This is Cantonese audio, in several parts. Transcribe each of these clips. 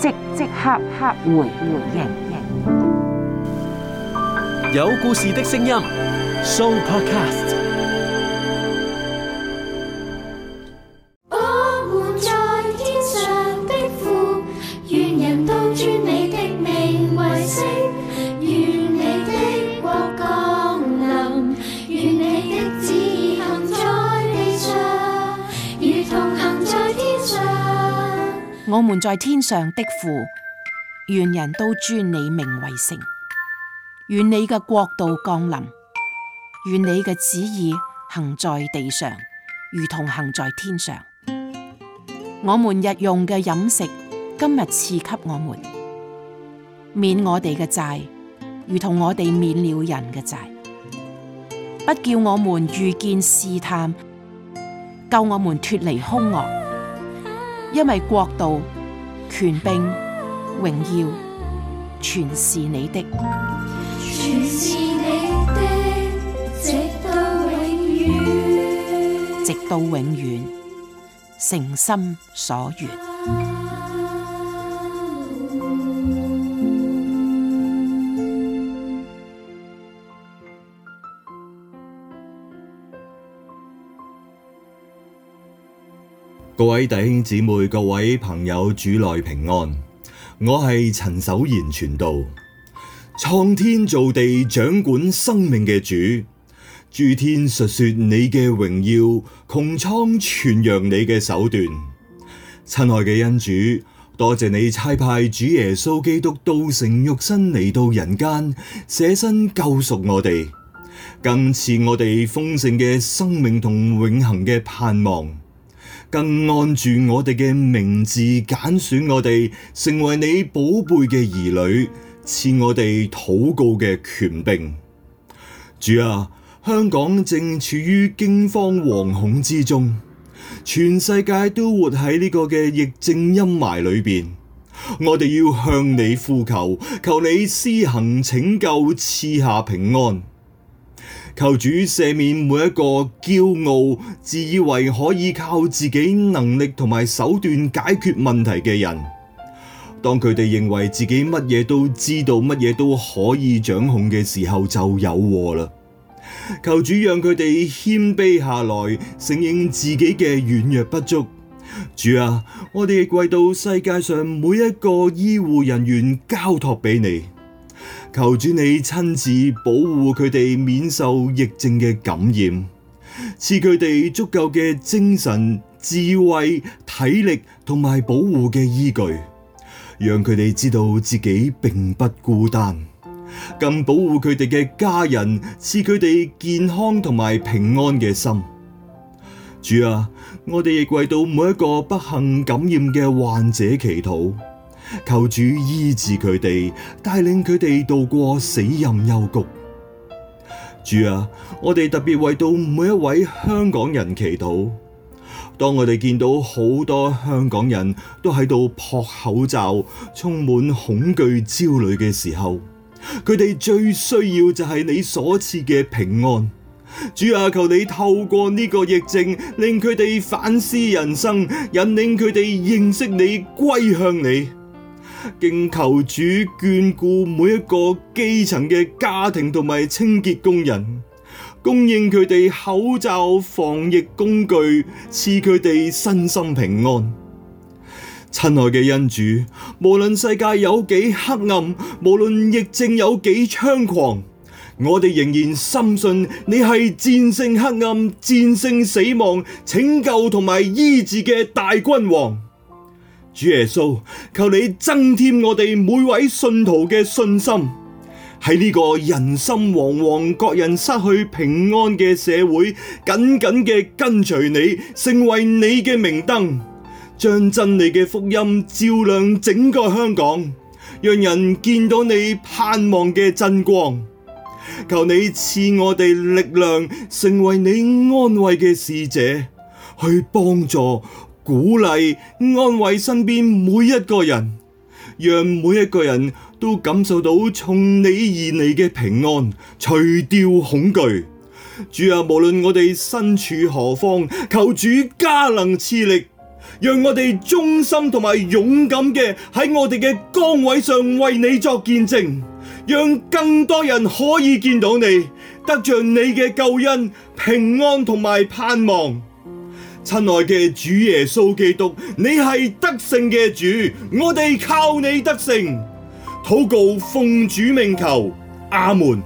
即即刻刻，刻回回應，有故事的聲音，Show Podcast。我們在天上的父，願人都尊你名為聖。願你嘅國度降臨，願你嘅旨意行在地上，如同行在天上。我們日用嘅飲食，今日賜給我們，免我哋嘅債，如同我哋免了人嘅債。不叫我們遇見試探，救我們脫離凶惡。因為國度。權柄榮耀，全是你的，全是你的，直到永遠，直到永遠，誠心所願。各位弟兄姊妹、各位朋友，主內平安。我係陳守賢傳道。創天造地、掌管生命嘅主，諸天述說你嘅榮耀，穹蒼傳揚你嘅手段。親愛嘅恩主，多謝你差派主耶穌基督道成肉身嚟到人間，捨身救贖我哋，更賜我哋豐盛嘅生命同永恒嘅盼望。更按住我哋嘅名字揀選我哋，成為你寶貝嘅兒女，賜我哋禱告嘅權柄。主啊，香港正處於驚慌惶恐之中，全世界都活喺呢個嘅疫症陰霾裏邊，我哋要向你呼求，求你施行拯救，賜下平安。求主赦免每一個驕傲、自以為可以靠自己能力同埋手段解決問題嘅人。當佢哋認為自己乜嘢都知道、乜嘢都可以掌控嘅時候，就有禍啦。求主讓佢哋謙卑下來，承認自己嘅軟弱不足。主啊，我哋亦跪到世界上每一個醫護人員交託俾你。求主你親自保護佢哋免受疫症嘅感染，賜佢哋足夠嘅精神、智慧、體力同埋保護嘅依據，讓佢哋知道自己並不孤單，更保護佢哋嘅家人，賜佢哋健康同埋平安嘅心。主啊，我哋亦為到每一個不幸感染嘅患者祈禱。求主醫治佢哋，帶領佢哋渡過死蔭幽谷。主啊，我哋特別為到每一位香港人祈禱。當我哋見到好多香港人都喺度撲口罩，充滿恐懼焦慮嘅時候，佢哋最需要就係你所賜嘅平安。主啊，求你透過呢個疫症，令佢哋反思人生，引領佢哋認識你，歸向你。敬求主眷顧每一個基層嘅家庭同埋清潔工人，供應佢哋口罩防疫工具，賜佢哋身心平安。親愛嘅恩主，無論世界有幾黑暗，無論疫症有幾猖狂，我哋仍然深信你係戰勝黑暗、戰勝死亡、拯救同埋醫治嘅大君王。主耶穌，求你增添我哋每位信徒嘅信心，喺呢個人心惶惶、各人失去平安嘅社會，緊緊嘅跟隨你，成為你嘅明燈，將真理嘅福音照亮整個香港，讓人見到你盼望嘅真光。求你賜我哋力量，成為你安慰嘅使者，去幫助、鼓勵、安慰身邊每一個人，讓每一個人都感受到從你而來嘅平安，除掉恐懼。主啊，無論我哋身處何方，求主加能賜力，讓我哋忠心同埋勇敢嘅喺我哋嘅崗位上為你作見證，讓更多人可以見到你，得着你嘅救恩、平安同埋盼望。親愛嘅主耶穌基督，你係得勝嘅主，我哋靠你得勝，禱告奉主名求，阿門。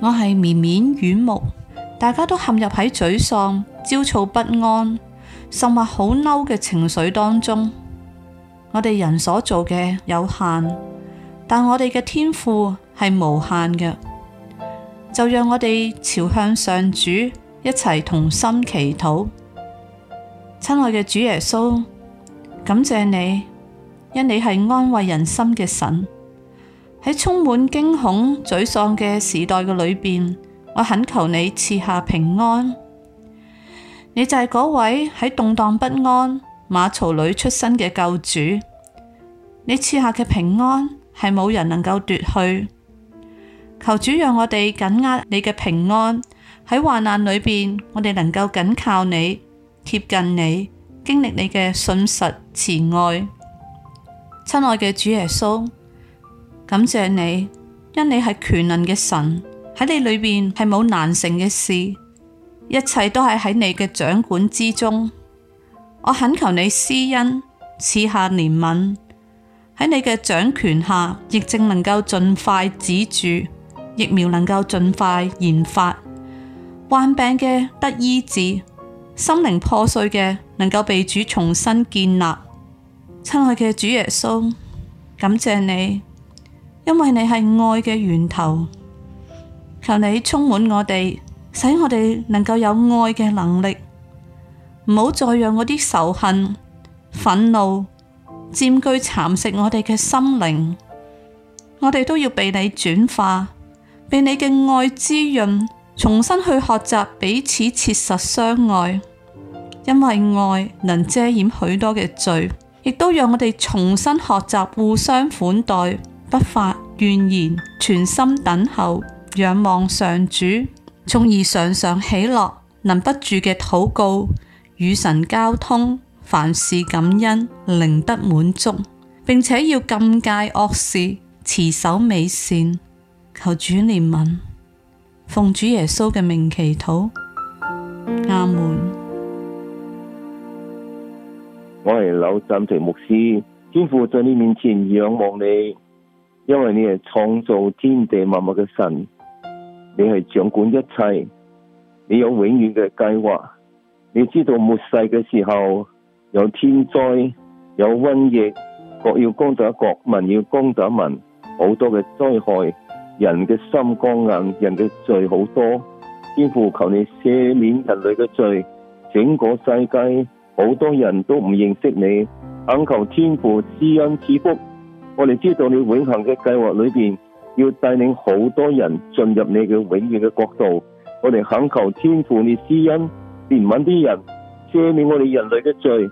我係綿綿軟木，大家都陷入喺沮喪、焦躁不安，甚或好嬲嘅情緒當中。我哋人所做嘅有限，但我哋嘅天父係無限嘅，就讓我哋朝向上主。一齊同心祈禱，親愛嘅主耶穌，感謝你，因你係安慰人心嘅神，喺充滿驚恐、沮喪嘅時代嘅裏邊，我懇求你賜下平安。你就係嗰位喺動蕩不安馬槽裏出生嘅救主，你賜下嘅平安係冇人能夠奪去。求主讓我哋緊握你嘅平安。喺患難裏邊，我哋能夠緊靠你，貼近你，經歷你嘅信實慈愛。親愛嘅主耶穌，感謝你，因你係權能嘅神，喺你裏邊係冇難成嘅事，一切都係喺你嘅掌管之中。我懇求你施恩賜下憐憫，喺你嘅掌權下，疫症能夠盡快止住，疫苗能夠盡快研發。患病嘅得醫治，心靈破碎嘅能夠被主重新建立。親愛嘅主耶穌，感謝你，因為你係愛嘅源頭。求你充滿我哋，使我哋能夠有愛嘅能力。唔好再讓我啲仇恨、憤怒佔據蠶食我哋嘅心靈。我哋都要被你轉化，被你嘅愛滋潤。重新去學習彼此切實相愛，因為愛能遮掩許多嘅罪，亦都讓我哋重新學習互相款待，不發怨言，全心等候，仰望上主，從而常常喜樂，能不住嘅禱告與神交通，凡事感恩，靈得滿足，並且要禁戒惡事，持守美善，求主憐憫。奉主耶穌嘅命，祈禱，阿門。我係柳暫停牧師，天父在你面前仰望你，因為你係創造天地萬物嘅神，你係掌管一切，你有永遠嘅計劃，你知道末世嘅時候有天災，有瘟疫，國要攻打國，民要攻打民，好多嘅災害。人嘅心剛硬，人嘅罪好多。天父求你赦免人類嘅罪，整個世界好多人都唔認識你。懇求天父施恩賜福，我哋知道你永恆嘅計劃裏邊要帶領好多人進入你嘅永遠嘅國度。我哋懇求天父你施恩憐憫啲人，赦免我哋人類嘅罪，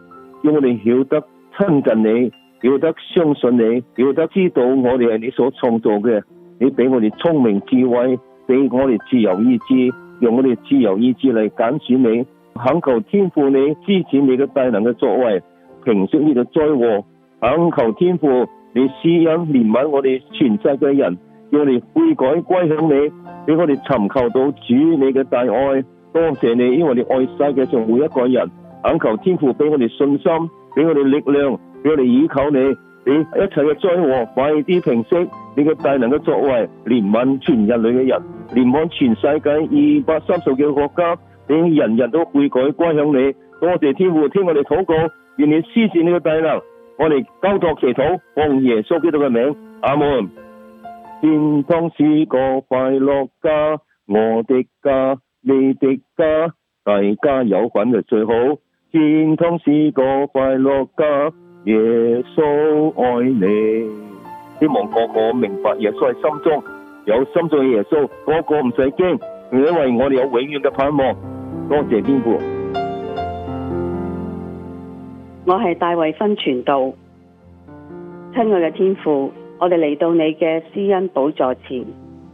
要我哋曉得親近你，曉得相信你，曉得知道我哋係你所創造嘅。你俾我哋聰明智慧，俾我哋自由意志，用我哋自由意志嚟揀選你。懇求天父你支持你嘅大能嘅作為，平息呢個災禍。懇求天父你施恩憐憫我哋全世界人，讓我哋悔改歸向你，俾我哋尋求到主你嘅大愛。多謝你，因為你愛世界上每一個人。懇求天父俾我哋信心，俾我哋力量，俾我哋依靠你。你一切嘅災禍快啲平息，你嘅大能嘅作為憐憫全人類嘅人，憐憫全世界二百三十幾個國家，你人人都悔改歸向你，多謝天父聽我哋禱告，願你施展你嘅大能，我哋交託祈禱，奉耶穌基督嘅名，阿門。健康是個快樂家，我的家，你的家，大家有份就最好。健康是個快樂家。耶穌愛你，希望個個明白耶穌喺心中有心中嘅耶穌，個個唔使驚，因為我哋有永遠嘅盼望。多謝天父。我係大衛分傳道，親愛嘅天父，我哋嚟到你嘅施恩寶座前，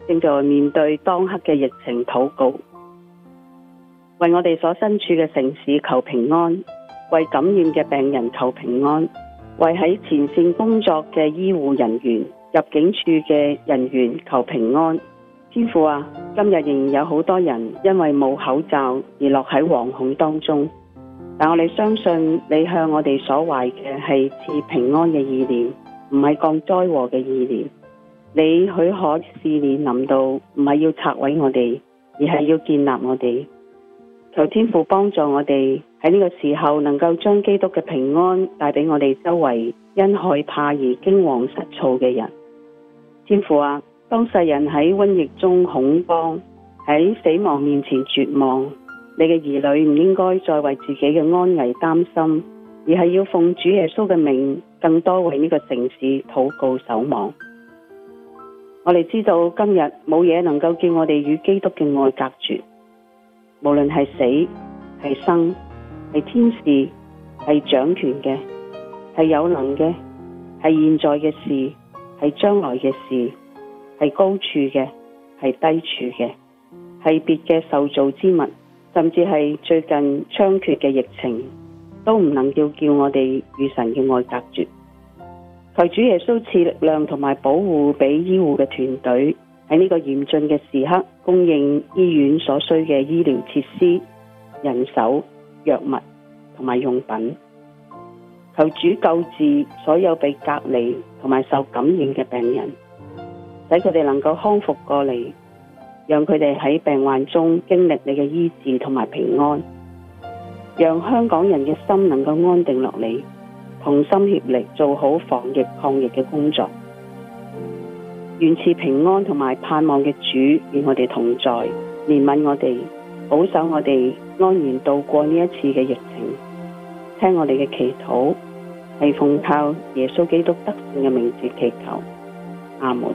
正在面對當刻嘅疫情禱告，為我哋所身處嘅城市求平安，為感染嘅病人求平安。為喺前線工作嘅醫護人員、入境處嘅人員求平安，天父啊，今日仍然有好多人因為冇口罩而落喺惶恐當中，但我哋相信你向我哋所懷嘅係賜平安嘅意念，唔係降災禍嘅意念。你許可試煉臨到，唔係要拆毀我哋，而係要建立我哋。求天父幫助我哋，喺呢個時候能夠將基督嘅平安帶俾我哋周圍因害怕而驚惶失措嘅人。天父啊，當世人喺瘟疫中恐慌，喺死亡面前絕望，你嘅兒女唔應該再為自己嘅安危擔心，而係要奉主耶穌嘅命，更多為呢個城市禱告守望。我哋知道今日冇嘢能夠叫我哋與基督嘅愛隔絕。無論係死、係生、係天使、係掌權嘅、係有能嘅、係現在嘅事、係將來嘅事、係高處嘅、係低處嘅、係別嘅受造之物，甚至係最近猖獗嘅疫情，都唔能叫叫我哋與神嘅愛隔絕。求主耶穌賜力量同埋保護俾醫護嘅團隊。喺呢個嚴峻嘅時刻，供應醫院所需嘅醫療設施、人手、藥物同埋用品，求主救治所有被隔離同埋受感染嘅病人，使佢哋能夠康復過嚟，讓佢哋喺病患中經歷你嘅醫治同埋平安，讓香港人嘅心能夠安定落嚟，同心協力做好防疫抗疫嘅工作。願賜平安同埋盼望嘅主與我哋同在，憐憫我哋，保守我哋，安然度過呢一次嘅疫情，聽我哋嘅祈禱，係奉靠耶穌基督得勝嘅名字祈求，阿門。